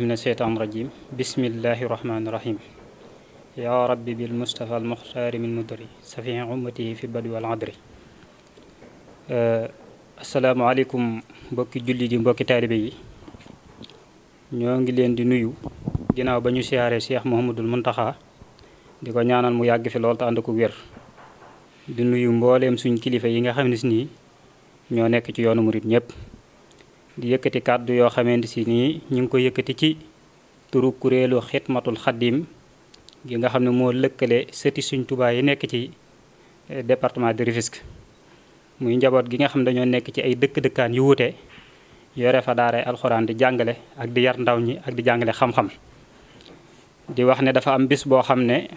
من الشيطان الرجيم بسم mbokki julli di mbokki taalibe yi ñoo ngi leen di nuyu ginnaaw ba ñu siyaaree Cheikh Mouhamadul Muntaxa di ko ñaanal mu yàgg fi lool te ànd ko wér di nuyu mbooleem suñ kilifa yi nga xam ne si nii ñoo nekk ci yoonu murit ñëpp di yëkkati kàddu yoo xamante si nii ñu ngi ko yëkkati ci turu kuréelu matul xaddim gi nga xam ne moo lëkkale sëti suñ tubaay yi nekk ci eh, département de Rufisque muy njaboot gi nga xam ne dañoo nekk ci ay dëkk-dëkkaan yu wute yore fa daaray alxuraan di jàngale ak di yar ndaw ñi ak di jàngale xam-xam di wax ne dafa am bis boo xam ne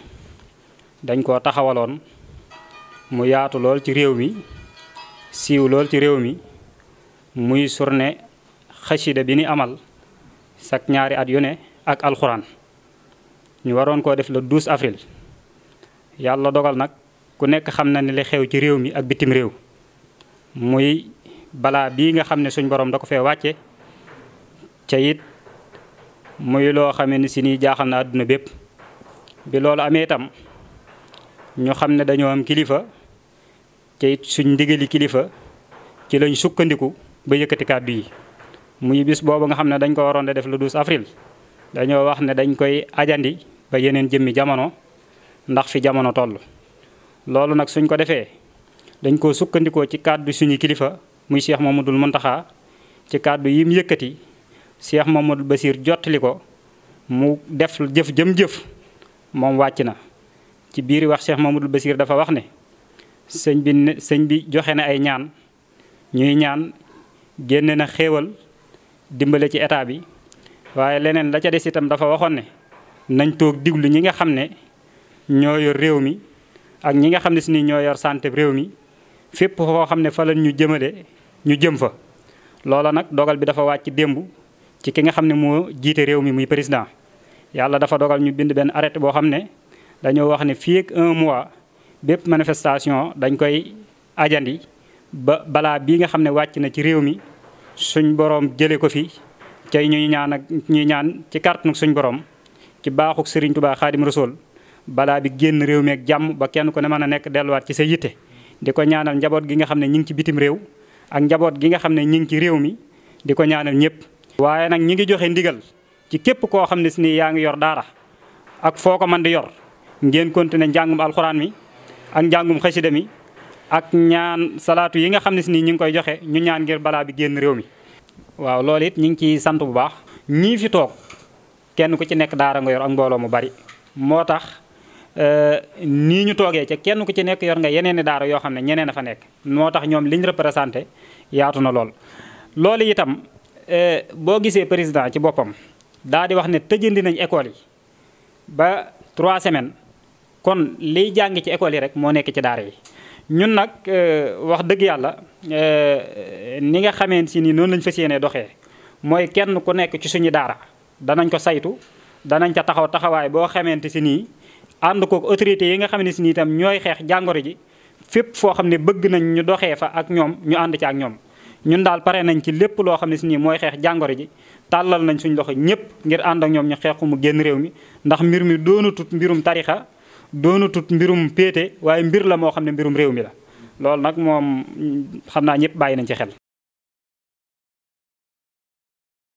dañ koo taxawaloon mu yaatu lool ci réew mi siiw lool ci réew mi muy surne xasida bi ni amal sak ñaari at yu ne ak alxuraan ñu waroon koo def le 12 avril yàlla dogal nag ku nekk xam na ne la xew ci réew mi ak bitim réew muy balaa bii nga xam ne suñ borom da ko fee wàcce ca it muy loo xamee ni si nii jaaxal na àdduna bépp bi loolu amee itam ñu xam ne dañoo am kilifa ca it suñ ndigali kilifa ci lañ sukkandiku ba yëkkati kàddu yi muy bis boobu nga xam ne dañ ko waroon a def le 12 avril dañoo wax ne dañ koy ajandi ba yeneen jëmmi jamono ndax fi jamono toll. loolu nag suñ ko defee dañ koo sukkandikoo ci kàddu suñu kilifa muy Cheikh Mamadou Mountakha ci kàddu yi mu yëkkati Cheikh Mamadou Basir jottali ko mu def jëf jëm jëf moom wàcc na. ci biir wax Cheikh Mamadou Basir dafa wax ne sëñ bi ne sëñ bi joxe na ay ñaan ñuy ñaan génne na xéewal dimbale ci état bi waaye leneen la ca des itam dafa waxoon ne nañ toog diglu ñi nga xam ne ñoo yor réew mi ak ñi nga xam ne si ni ñoo yor santé réew mi fépp foo xam ne fa ñu jëmale ñu jëm fa. loola nag dogal bi dafa wàcc démb ci ki nga xam ne moo jiite réew mi muy président yàlla dafa dogal ñu bind benn arrêté boo xam ne dañoo wax ne fii ak un mois bépp manifestation dañ koy ajandi ba balaa bii nga xam ne wàcc na ci réew mi. suñ borom jëlee ko fi cay ñuy ñaan ak ñuy ñaan ci kàttanu suñ borom ci baaxuk Serigne Touba Xaadim Rasool balaa bi génn réew meek jàmm ba kenn ku ne mën a nekk delluwaat ci sa yitte di ko ñaanal njaboot gi nga xam ne ñi ngi ci bitim réew ak njaboot gi nga xam ne ñi ngi ci réew mi di ko ñaanal ñëpp. waaye nag ñi ngi joxe ndigal ci képp koo xam ne si ni yaa ngi yor daara ak foo ko mën di yor ngeen continuer njàngum alxuraan mi ak njàngum xasida mi ak ñaan salaatu yi nga xam ne si nii ñu ngi koy joxe ñu ñaan ngir balaa bi génn réew mi. waaw loolu it ñu ngi ciy sant bu baax ñii fi toog kenn ku ci nekk daara nga yor ak mbooloo mu bari moo tax euh, nii ñu toogee ci kenn ku ci nekk yor nga yeneen daara yoo xam ne ñeneen a fa nekk moo tax ñoom liñ représenté yaatu na lool. loolu itam euh, boo gisee président ci boppam daa di wax ne tëjandi nañ école yi ba trois semaines kon liy jàng ci école yi rek moo nekk ci daara yi. ñun nag euh, wax dëgg yàlla euh, ni nga xamee si ni noonu lañ fas yéenee doxe mooy kenn ku nekk ci suñu daara danañ ko saytu danañ ca taxaw taxawaay boo xamante si nii ànd kook autorité yi nga xam ne si nii itam ñooy xeex jàngoro ji fépp foo xam ne bëgg nañ ñu doxee fa ak ñoom ñu ànd ci ak ñoom ñun daal pare nañ ci lépp loo xam ne si nii mooy xeex jàngoro ji tàllal nañ suñ loxo ñëpp ngir ànd ak ñoom ñu xeexu mu génn réew mi ndax mbir mi doonatut mbirum tarixa doonatut mbirum péete waaye mbir la moo xam ne mbirum réew mi la loolu nag moom xam naa ñëpp bàyyi nañ ci xel.